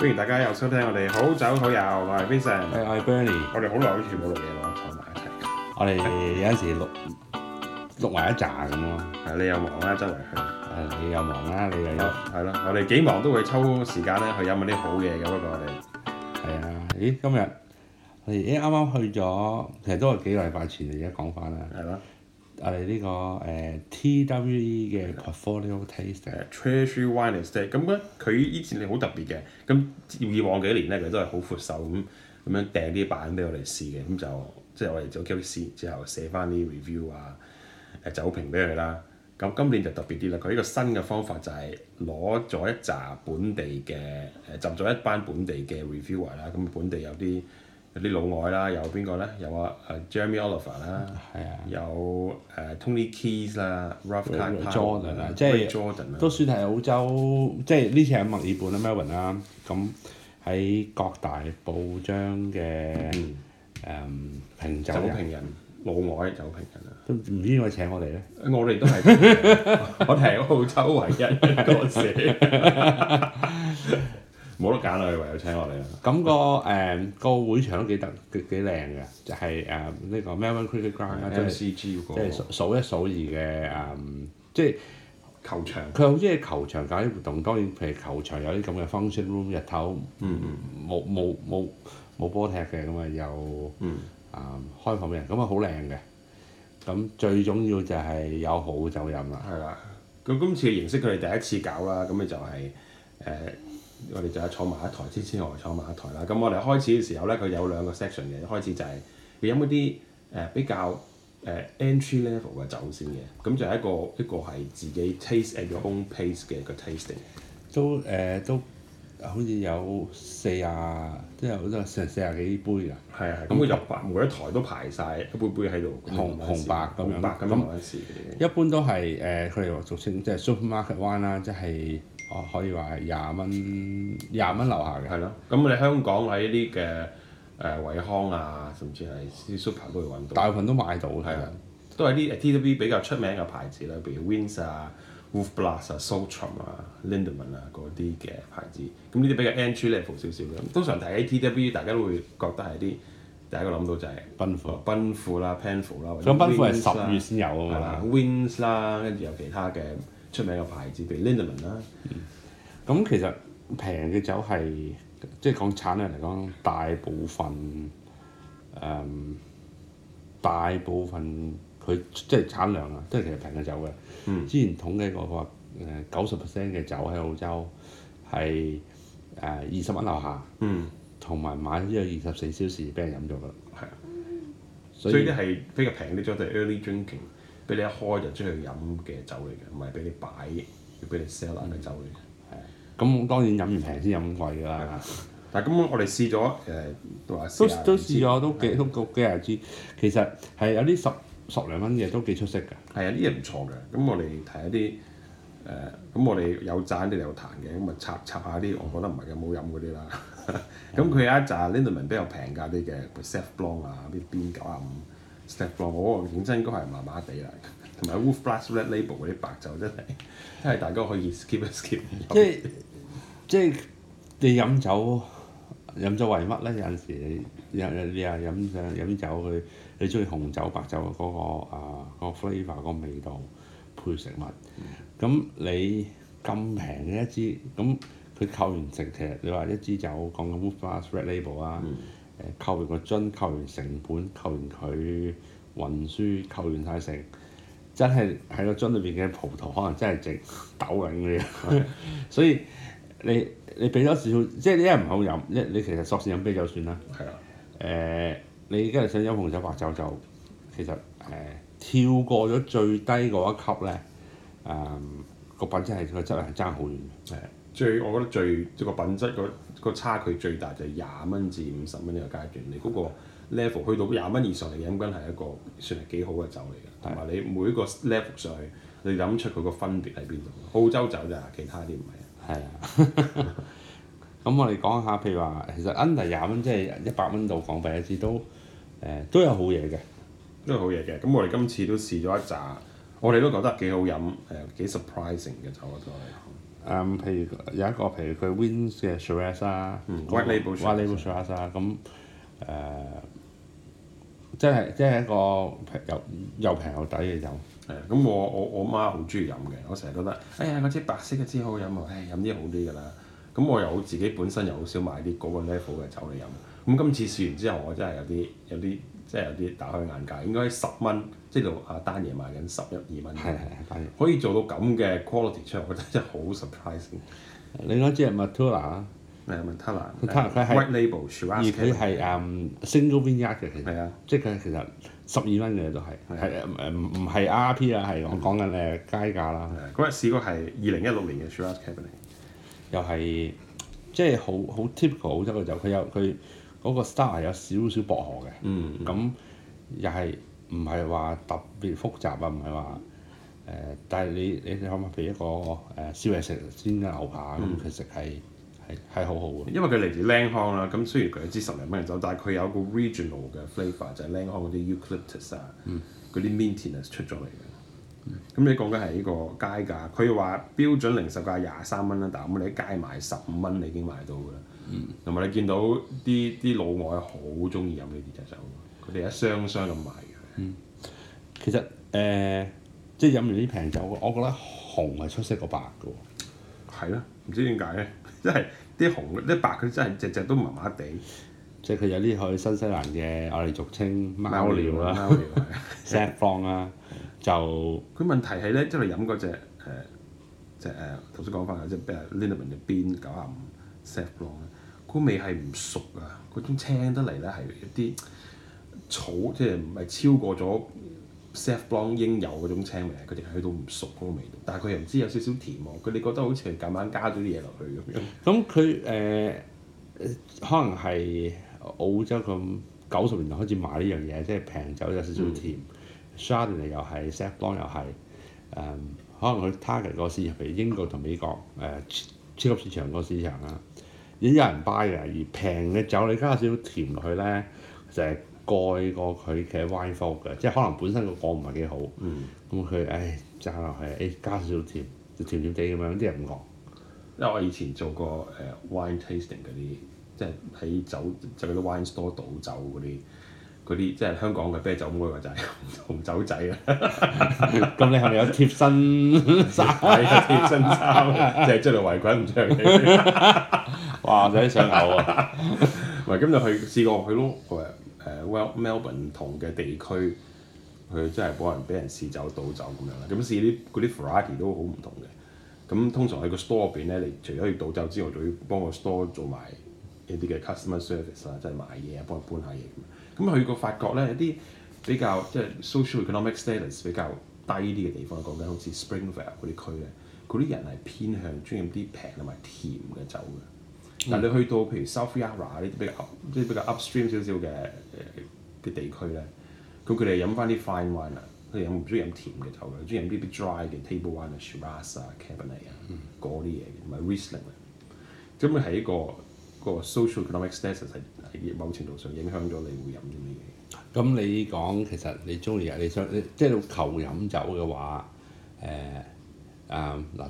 歡迎大家又收聽我哋好酒好友，我係 Vincent 我係 Bernie，我哋好耐都冇錄嘢咯，坐埋一齊。 我哋有陣時錄，錄埋一紮咁咯。誒， 你又忙啦、啊，周圍去。誒， 你又忙啦、啊，你又要。係咯， 我哋幾忙都會抽時間咧去飲下啲好嘢嘅。不過我哋係啊。咦，今日我哋啱啱去咗，其實都係幾個禮拜前，而家講翻啦。係咯。我哋呢個誒 TWE 嘅 Portfolio Taster Treasury Wine Estate 咁咧，佢以前你好特別嘅，咁以往幾年咧佢都係好闊手咁咁樣訂啲版俾我哋試嘅，咁就即係我哋就 k e 之後寫翻啲 review 啊，誒、呃、酒評俾佢啦。咁今年就特別啲啦，佢呢個新嘅方法就係攞咗一紮本地嘅誒、呃，集咗一班本地嘅 reviewer 啦，咁本地有啲。有啲老外啦，有邊個咧？有啊，Jeremy Oliver 啦，的有誒、uh, Tony Keys 啦，Ralph c o r d a n 啦，即係、就是、議 Jordan 啦、啊，都算係澳洲，即係呢次喺墨爾本啊，Melbourne 啊，咁喺各大報章嘅誒、嗯嗯、評酒評人老外酒評人啊，都唔知邊個請我哋咧？ 我哋都係我哋係澳洲唯一一個先。 冇得揀啦，唯有請我嚟啦。咁、那個誒、 嗯、個會場都幾得，幾幾靚嘅，就係誒呢個 Melbourne Cricket Ground 啊是，張 C G 即係數一數二嘅誒，即、嗯、係、就是、球場。佢好中意球場搞啲活動，當然譬如球場有啲咁嘅 function room 日頭、嗯，嗯冇冇冇冇波踢嘅咁啊，又、嗯、啊、嗯、開放俾人，咁啊好靚嘅。咁、嗯、最重要就係有好酒飲啦，係啦。咁今次嘅形式佢哋第一次搞啦，咁咪就係、是、誒。嗯嗯嗯我哋就係坐埋一台，黐黐埋坐埋一台啦。咁我哋開始嘅時候咧，佢有兩個 section 嘅，一開始就係會飲一啲誒、呃、比較誒、呃、entry level 嘅酒先嘅。咁就係一個一個係自己 taste at your own pace 嘅個 tasting。都誒、呃、都好似有四啊，即係好多成四啊幾杯啦。係啊的，咁佢入白每一台都排晒，一杯杯喺度，紅紅白咁樣，咁樣嗰陣時。一般都係誒，佢、呃、哋俗稱即係、就是、supermarket one 啦，即係。哦，可以話係廿蚊，廿蚊樓下嘅。係咯，咁我哋香港喺呢啲嘅誒惠康啊，甚至係 Super 都揾到，大部分都買到，係啦，都係啲 TWE 比較出名嘅牌子啦，譬如 Wynns 啊、Wolf Blass 啊、Saltram 啊、Lindeman 啊嗰啲嘅牌子。咁呢啲比較 Entry Level 少少嘅，通常睇 TWE 大家都會覺得係啲第一個諗到就係奔富、奔富啦、Penfolds 啦。咁奔富係十月先有啊嘛，Wynns 啦，跟住有其他嘅。出名嘅牌子，譬如 Lindeman 啦，咁、嗯、其實平嘅酒係即係講產量嚟講，大部分誒、嗯、大部分佢即係產量啊，即係其實平嘅酒嘅。嗯、之前統計過話誒，九十 percent 嘅酒喺澳洲係誒二十蚊樓下，同埋、嗯、買咗之後二十四小時俾人飲咗㗎。係啊、嗯，所以啲係比較平啲咗，就係 early drinking。俾你一開就出去飲嘅酒嚟嘅，唔係俾你擺，要俾你 sell 嗰嘅酒嚟。嘅、嗯。啊的，咁當然飲完平先飲貴㗎啦。但係咁我哋試咗誒，都都試咗都幾都個幾廿支。其實係有啲十十零蚊嘅都幾出色㗎。係啊，啲嘢唔錯㗎。咁我哋睇一啲誒，咁、呃、我哋有賺啲又有彈嘅，咁咪插插下啲我覺得唔係咁好飲嗰啲啦。咁佢 有一扎 Lindeman 比較平價啲嘅 Sauv Blanc 啊，啲 B 九啊五。step four 我認真應該係麻麻地啦，同埋 Wolf Blass Red Label 嗰啲白酒真係，真係大家可以 skip 一 skip 即是。 即係即係你飲酒飲酒為乜咧？有陣時，有有你話飲飲酒，佢你中意紅酒白酒嗰、個啊、個 flavor 個味道配食物。咁、嗯、你咁平嘅一支，咁佢扣完食其實你話一支酒講緊 Wolf Blass Red Label 啊、嗯。誒扣完個樽，扣完成本，扣完佢運輸，扣完曬成，真係喺個樽裏邊嘅葡萄可能真係值斗零嘅。 所以你你俾咗少，少，即係你一唔好飲，一你其實索性飲啤酒算啦。係啊的。誒、呃，你而家想飲紅酒白酒就，其實誒、呃、跳過咗最低嗰一級咧，誒、呃、個品質係個質量係爭好遠。係。最我覺得最即係個品質個差距最大就係廿蚊至五十蚊呢個階段，你嗰個 level 的去到廿蚊以上你飲緊係一個算係幾好嘅酒嚟嘅。同埋的你每一個 level 上去，你飲出佢個分別喺邊度？澳洲酒就係其他啲唔係。係啊，咁我哋講下，譬如話，其實 under 廿蚊即係一百蚊到港幣一支都誒都有好嘢嘅，都有好嘢嘅。咁我哋今次都試咗一紮，我哋都覺得幾好飲，誒、呃、幾 surprising 嘅酒都係。誒，譬、嗯、如有一個，譬如佢 Wins 嘅 Shiraz 啊 White Label White Label Shiraz 啊，咁誒、那個，即係即係一個又又平又抵嘅酒。咁、嗯、我我我媽好中意飲嘅，我成日覺得，哎呀嗰支白色嘅支好飲喎，誒飲啲好啲㗎啦。咁我又好自己本身又好少買啲嗰個 level 嘅酒嚟飲。咁今次試完之後，我真係有啲有啲，有即係有啲打開眼界，應該十蚊即係度啊單嘢賣緊十一二蚊，的可以做到咁嘅 quality 出嚟，我覺得真係好 surprising。另外支係 Metala 咩啊 Metala Metala 佢係 white label，而佢係嗯 single vineyard 嘅，其實係啊，的即係佢其實十二蚊嘅都係係誒唔唔係 RRP 啊，係的我講緊誒街價啦。嗰日試過係二零一六年嘅 Shiraz Cabernet 又係即係好好 typical，即得就佢有佢。嗰個 star 有少少薄荷嘅，咁又係唔係話特別複雜啊？唔係話誒，但係你你可唔可以俾一個誒、呃、燒味食先嘅牛排咁？嗯、其實係係係好好嘅。因為佢嚟自檸康啦，咁雖然佢一支十零蚊走，但係佢有一個 regional 嘅 f l a v o r 就係檸康嗰啲 eucalyptus、嗯、啊，嗰啲 mintness 出咗嚟嘅。咁、嗯嗯、你講緊係呢個街價，佢話標準零售價廿三蚊啦，但係咁你喺街賣十五蚊，你已經賣到㗎啦。嗯嗯，同埋你見到啲啲老外好中意飲呢啲隻酒，佢哋一箱箱咁買嘅。嗯，其實誒、呃，即係飲完啲平酒，我覺得紅係出色過白嘅。係咯，唔知點解咧？即係啲紅啲白佢真係隻隻都麻麻地。即係佢有啲去新西蘭嘅，我哋俗稱貓尿啦、set f 啦，就佢問題係咧，即係飲嗰隻即、呃、隻誒頭先講翻嘅，即係比如 Lindeman 嘅 Bin 九十五。Sauvignon Blanc 嗰味係唔熟啊，嗰種青得嚟咧係一啲草，即係唔係超過咗 Sauvignon Blanc 應有嗰種青味，佢哋去到唔熟嗰個味道。但係佢又唔知有少少甜喎，佢哋覺得好似夾硬加咗啲嘢落去咁樣,、嗯呃、樣。咁佢誒可能係澳洲咁九十年代開始賣呢樣嘢，即係平酒有少少甜 Chardonnay 又係 Sauvignon Blanc 又係誒、呃，可能佢 target 個市場係英國同美國誒。呃超級市場個市場啦，已經有人 buy 嘅。而平嘅酒你加少少甜落去咧，就係蓋過佢嘅歪貨嘅。即係可能本身個個唔係幾好，咁佢、嗯、唉炸落去，誒、哎、加少少甜，就甜甜地咁樣。啲人唔覺，因為我以前做過誒、uh, wine tasting 嗰啲，即係喺酒就嗰啲 wine store 倒酒嗰啲。嗰啲即係香港嘅啤酒妹或者、就係、紅酒仔啊！咁 你係咪有貼身衫？ 貼身衫即係着條圍裙唔着嘅？就係、 哇！真係想嘔啊！唔係今日去試過去咯，誒 Well Melbourne 唔同嘅地區，佢真係冇人俾人試酒倒酒咁樣啦。咁試啲嗰啲 fratie 都好唔同嘅。咁通常喺個 store 入邊咧，你除咗要倒酒之外，仲要幫個 store 做埋。一啲嘅 customer service 啦，即係買嘢啊，幫佢搬下嘢咁。去過法國咧，一啲比較即係 social economic status 比較低啲嘅地方，講緊好似 Springvale 嗰啲區咧，嗰啲人係偏向中意飲啲平同埋甜嘅酒嘅。但係你去到譬如 South Yarra 呢啲比較啲、即係、比較 upstream 少少嘅嘅地區咧，咁佢哋飲翻啲 fine wine 啊，佢哋飲唔中意飲甜嘅酒嘅，中意飲呢啲 dry 嘅 table wine 啊、嗯、Shiraz 啊、Cabernet 啊嗰啲嘢，同埋 Riesling。咁佢係一個。個 social economic status 係係某程度上影響咗你會飲啲咩嘢。咁你講其實你中意啊，你想你即係求飲酒嘅話，誒啊嗱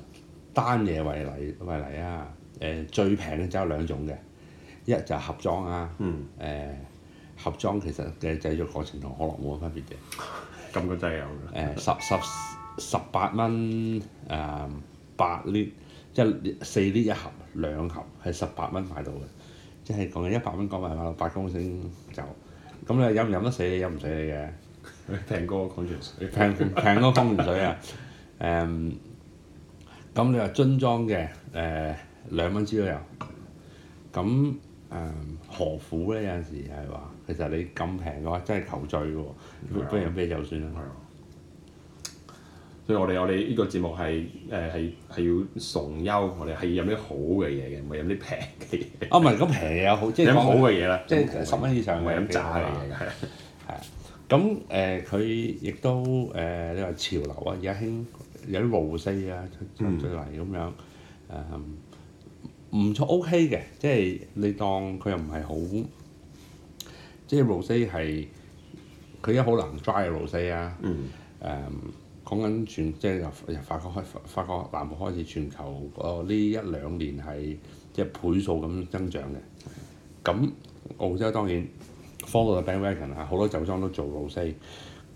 單嘢為例為例啊，誒、呃、最平嘅只有兩種嘅，一就係盒裝啊，誒盒裝其實嘅製作過程同可樂冇乜分別嘅。咁個製造誒十十十八蚊誒、呃、八即係四啲一盒，兩盒係十八蚊買到嘅，即係講緊一百蚊講埋買八公升酒。咁你飲唔飲得死你？飲唔死你嘅。平過礦泉水，平平過礦泉水啊。誒、um,，咁你話樽裝嘅誒兩蚊支都有。咁誒何苦咧？有時係話，其實你咁平嘅話，真係求醉嘅喎、哦。的不如飲啤酒算啦。嗯、我哋我哋呢個節目係誒係係要崇優，我哋係飲啲好嘅嘢嘅，唔係飲啲平嘅。嘢、啊。哦，唔係，咁平又好，即係是飲好嘅嘢啦，即係十蚊以上嘅飲炸嘅。係啊，咁誒佢亦都誒、呃、你話潮流啊，而家興有啲露西啊出嚟咁樣誒，唔錯 OK 嘅，即係你當佢又唔係好，即係露西係佢好難 dry 嘅露西啊，誒。嗯講緊全即係由由法國開法國南部開始，全球個呢、哦、一兩年係即係倍數咁增長嘅。咁澳洲當然 follow the bandwagon 啊，好多酒莊都做老西。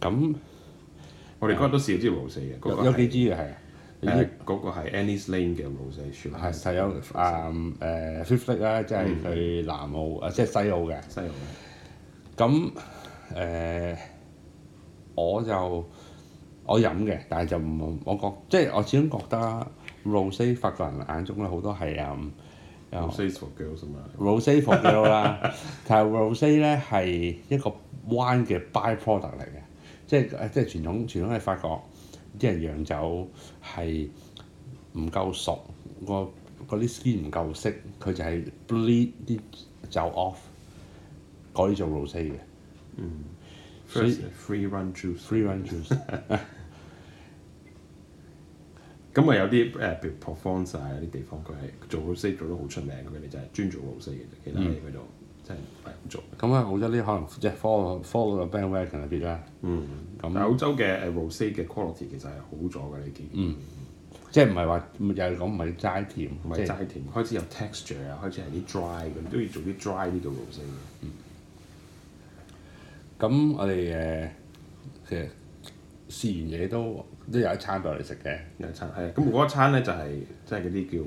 咁我哋嗰日都試咗支老四。嘅，有幾支嘅係。嗰個係 Annie's Lane 嘅老西，係係有啊誒，Fifth Lake 啦，即係去南澳啊，嗯、即係西澳嘅西澳嘅。咁誒、呃，我就。我就我飲嘅但係就唔我覺得即係我始終覺得 rose 法國人眼中咧，好多係啊、um, rose 啦其實 rose 咧係一個 wine 嘅 by product 嚟嘅，即係即係傳統傳統係法國啲人釀酒係唔夠熟，個啲 skin 唔夠色，佢就係 bleed 啲酒 off 啲做 rose 嘅。嗯，free free run juice free run juice 咁啊，有啲譬如，普羅旺斯有啲地方，佢係做羅斯做得好出名，佢哋就係專做羅斯嘅，其他嘢佢就真係唔係好做。咁啊、嗯、那澳洲啲可能即係 follow follow the bandwagon 啊啲啦。嗯，咁些。但係澳洲嘅誒羅斯嘅 quality 其實係好咗嘅，呢見。嗯，即係唔係話又係講唔係齋甜，唔係齋甜，就是、開始有 texture 啊，開始係啲 dry 咁，都要做啲 dry 呢種羅斯嘅。嗯。咁我哋誒其實。呃試完嘢都即有一餐過嚟食嘅，有一餐係咁。嗰一餐咧就係即係嗰啲叫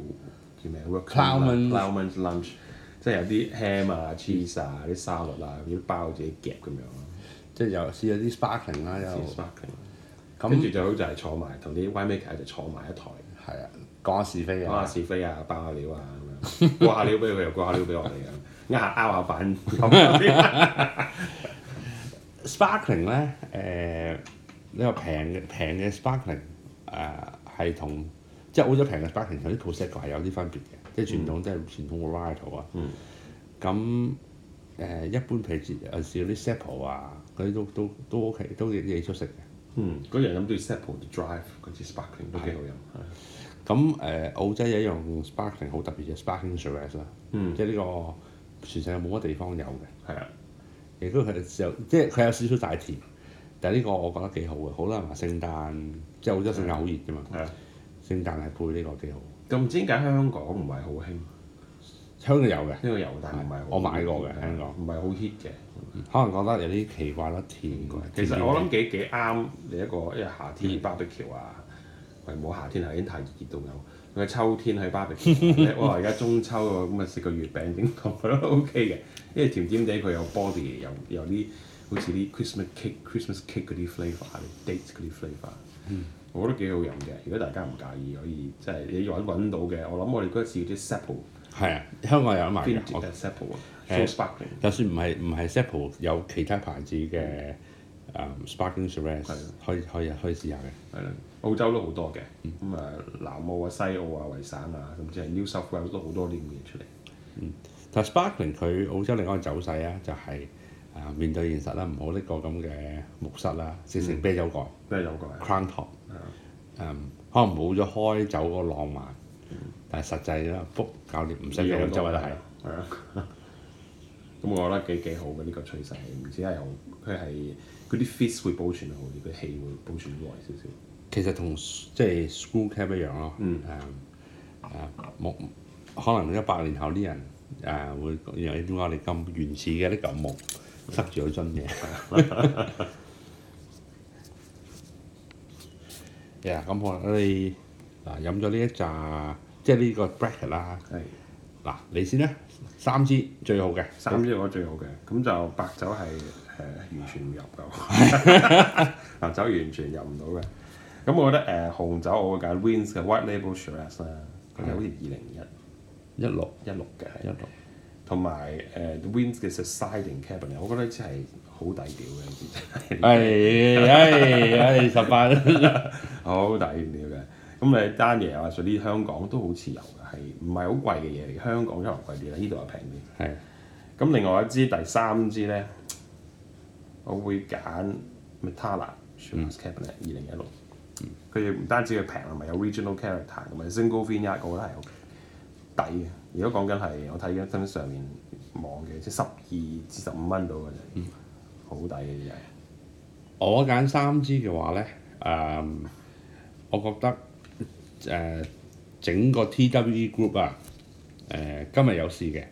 叫咩 Ploughman's Ploughman's lunch，即係有啲 ham 啊、cheese 啊、啲沙律啊，咁啲包自己夾咁樣。即係又試咗啲 sparkling 啦，又 sparkling，咁跟住就好就係坐埋同啲 wine maker 嘅就坐埋一台。係啊，講下是非啊，講下是非啊，爆下料啊咁樣，過下料俾佢，又過下料俾我哋啊，下壓下咁飯。sparkling 咧，誒。呢個平嘅平嘅 sparkling 誒係同即係澳洲平嘅 sparkling 有啲 Prosecco 係有啲分別嘅，即係傳統即係傳統 variety 啊。咁誒一般譬如，有時嗰啲 Seppelt 啊，嗰啲都都都 OK，都幾幾出色嘅。嗯，嗰樣飲都要 Seppelt drive 嗰支 sparkling 都幾好飲。咁誒澳洲有一樣 sparkling 好特別嘅 sparkling Shiraz 啦。嗯。即係呢個全世界冇乜地方有嘅。係啊。亦都係時即係佢有少少大甜。但係呢個我覺得幾好嘅，好啦，聖誕即係好多聖誕好熱㗎嘛，聖誕係配呢個幾好。咁唔知點解香港唔係好興？香港有嘅，呢個油，但係唔係我買過嘅香港，唔係好 hit 嘅，可能覺得有啲奇怪啦，甜啲。其實我諗幾幾啱你一個，因為夏天芭比喬啊，喂冇夏天係已經太熱熱到有。去秋天喺芭比喬我哇！而家中秋咁啊，食個月餅點，我覺得 OK 嘅，因為甜甜地佢有 body，有有啲。好似啲 Christ Christmas cake flavor、嗯、Christmas cake 嗰啲 flavor date 嗰啲 flavor 我覺得幾好飲嘅。如果大家唔介意，可以即係你揾揾到嘅。我諗我哋嗰陣時啲 Apple 係啊，香港有得賣嘅。F int 我 Apple 啊、uh，Sparkling 就算唔係唔係 Apple 有其他牌子嘅、嗯 um, Sparkling Shiraz、啊、可以可以可以試下嘅。係啦、啊，澳洲都好多嘅。咁啊、嗯，嗯、南澳啊、西澳啊、維省啊，甚至係 New South Wales 都好多呢啲嘢出嚟、嗯。但係 Sparkling 佢澳洲另一個走勢啊，就係、是。就是面對現實啦，唔好呢個咁嘅木塞啦，變成啤酒蓋。啤酒蓋。Crown top、嗯、可能冇咗開酒嗰個浪漫，嗯、但係實際啦，福教練唔使養酒啊，都係係啊。咁、嗯嗯、 我覺得幾幾好嘅呢、呢個趨勢，唔知係佢係嗰啲 fit 會保存好啲，佢氣會保存耐少少。其實同即係 school cap m 一樣咯、嗯嗯嗯。嗯係木、嗯嗯、可能一百年後啲人誒、啊、會又點解我哋咁原始嘅啲舊木？塞住佢樽嘢，咁、 yeah, 好啦，我哋嗱飲咗呢一壇，即係呢個 bracket 啦是。係，嗱你先啦，三支最好嘅，三支我覺得最好嘅。咁那就白酒係誒完全唔入到，白 酒完全入唔到嘅。咁我覺得誒、呃、紅酒我會揀 Wins 嘅 White Label Shiraz 啦，佢好似二零一，一六一六嘅。一六。同埋誒、uh, Wynns d 嘅 The Siding Cabernet 我覺得真係好抵屌嘅。呢係，唉，唉，十八，好抵屌嘅。咁誒單嘢話說，呢香港都好似有嘅，係唔係好貴嘅嘢嚟？香港可能貴啲啦，呢度係平啲。係的。咁另外一支第三支咧，我會揀 Metala Shiraz Cabern、嗯、et 二零一六。佢哋唔單止係平，同埋有 Regional Character，同埋 Single Vineyard, 我覺得係 OK，抵嘅。如果講緊係我睇緊身上面網嘅，即係十二至十五蚊度嘅啫，好抵嘅嘢。我揀三支嘅話咧，誒、嗯，我覺得誒、呃、整個 TWE Group 啊，誒、呃、今日有試嘅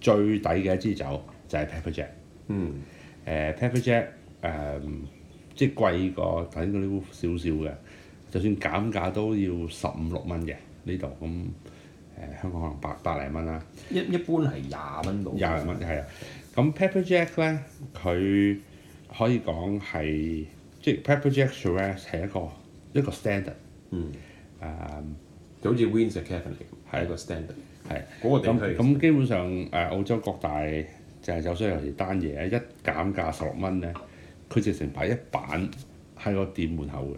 最抵嘅一支酒就係 Pepper Jack。嗯。誒、呃、Pepper Jack 誒、呃，即係貴過等等啲少少嘅，就算減價都要十五六蚊嘅呢度咁。誒香港可能百百零蚊啦，一一般係廿蚊到。廿零蚊係啊，咁 Pepper Jack 咧，佢可以講係即 Pepper Jack Shiraz 係一個一個 standard，嗯，誒就好似 Wynns 嘅 Cafe 嚟，係一個 standard，係。嗰個地氣。咁咁基本上誒澳洲各大就係有商有時單嘢一減價十六蚊咧，佢直成擺一板喺個店門口嘅，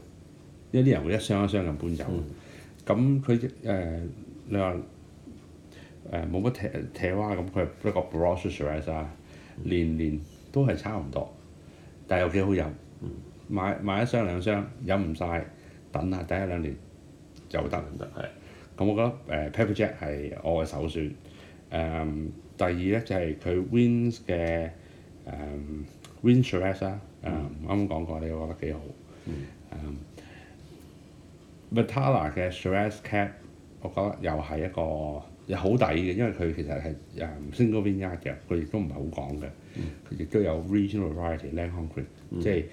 有啲人會一箱一箱咁搬走，咁佢誒。你、呃、話誒冇乜摺摺歪咁，佢一個 Barossa、嗯、Shiraz 啊，年年都係差唔多，但係又幾好飲，嗯、買買一箱、兩箱，飲唔晒，等下等一兩年就得，係、嗯。咁我覺得誒、呃、Pepperjack 係我嘅首選，誒、嗯、第二咧就係佢 Wynns 嘅 Wynns Shiraz 啊，啱啱講過，你覺得幾好？嗯。Metala 嘅 Shiraz Cab。我覺得又係一個好抵嘅，因為佢其實係誒、um, single vineyard 嘅，佢亦都唔係好講嘅，佢亦都有 regional variety Langhorne Creek、嗯、即係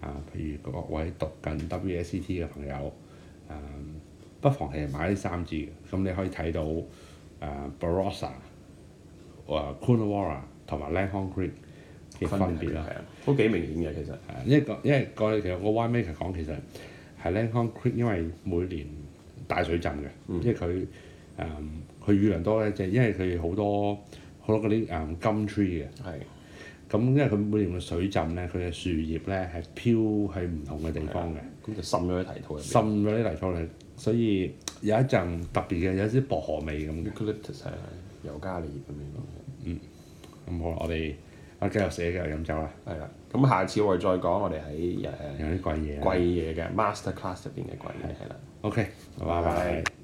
啊、呃、譬如各位讀緊 WSET 嘅朋友、呃、不妨其實買呢三支，咁你可以睇到誒、呃、Barossa 誒、呃、Coonawarra 同埋 Langhorne Creek 嘅分別啦，係啊，都幾明顯嘅其實係、啊、因為因為過其實個 y make 講其實係 Langhorne Creek 因為每年大水浸嘅，即係佢誒佢雨量多咧，就係因為佢好多好多嗰啲誒金 tree 嘅，係咁的因為佢每年嘅水浸咧，佢嘅樹葉咧係飄喺唔同嘅地方嘅，咁就滲咗啲泥土入邊，滲咗啲泥土入邊，所以有一陣特別嘅，有一啲薄荷味咁。Eucalyptus 係尤加利咁樣嗯。嗯，咁好啦，我哋啊繼續寫，繼續飲酒啦。係啦，咁下次我哋再講我哋喺誒有啲貴嘢貴嘢嘅 master class 入邊嘅貴嘢係啦。OK，拜拜。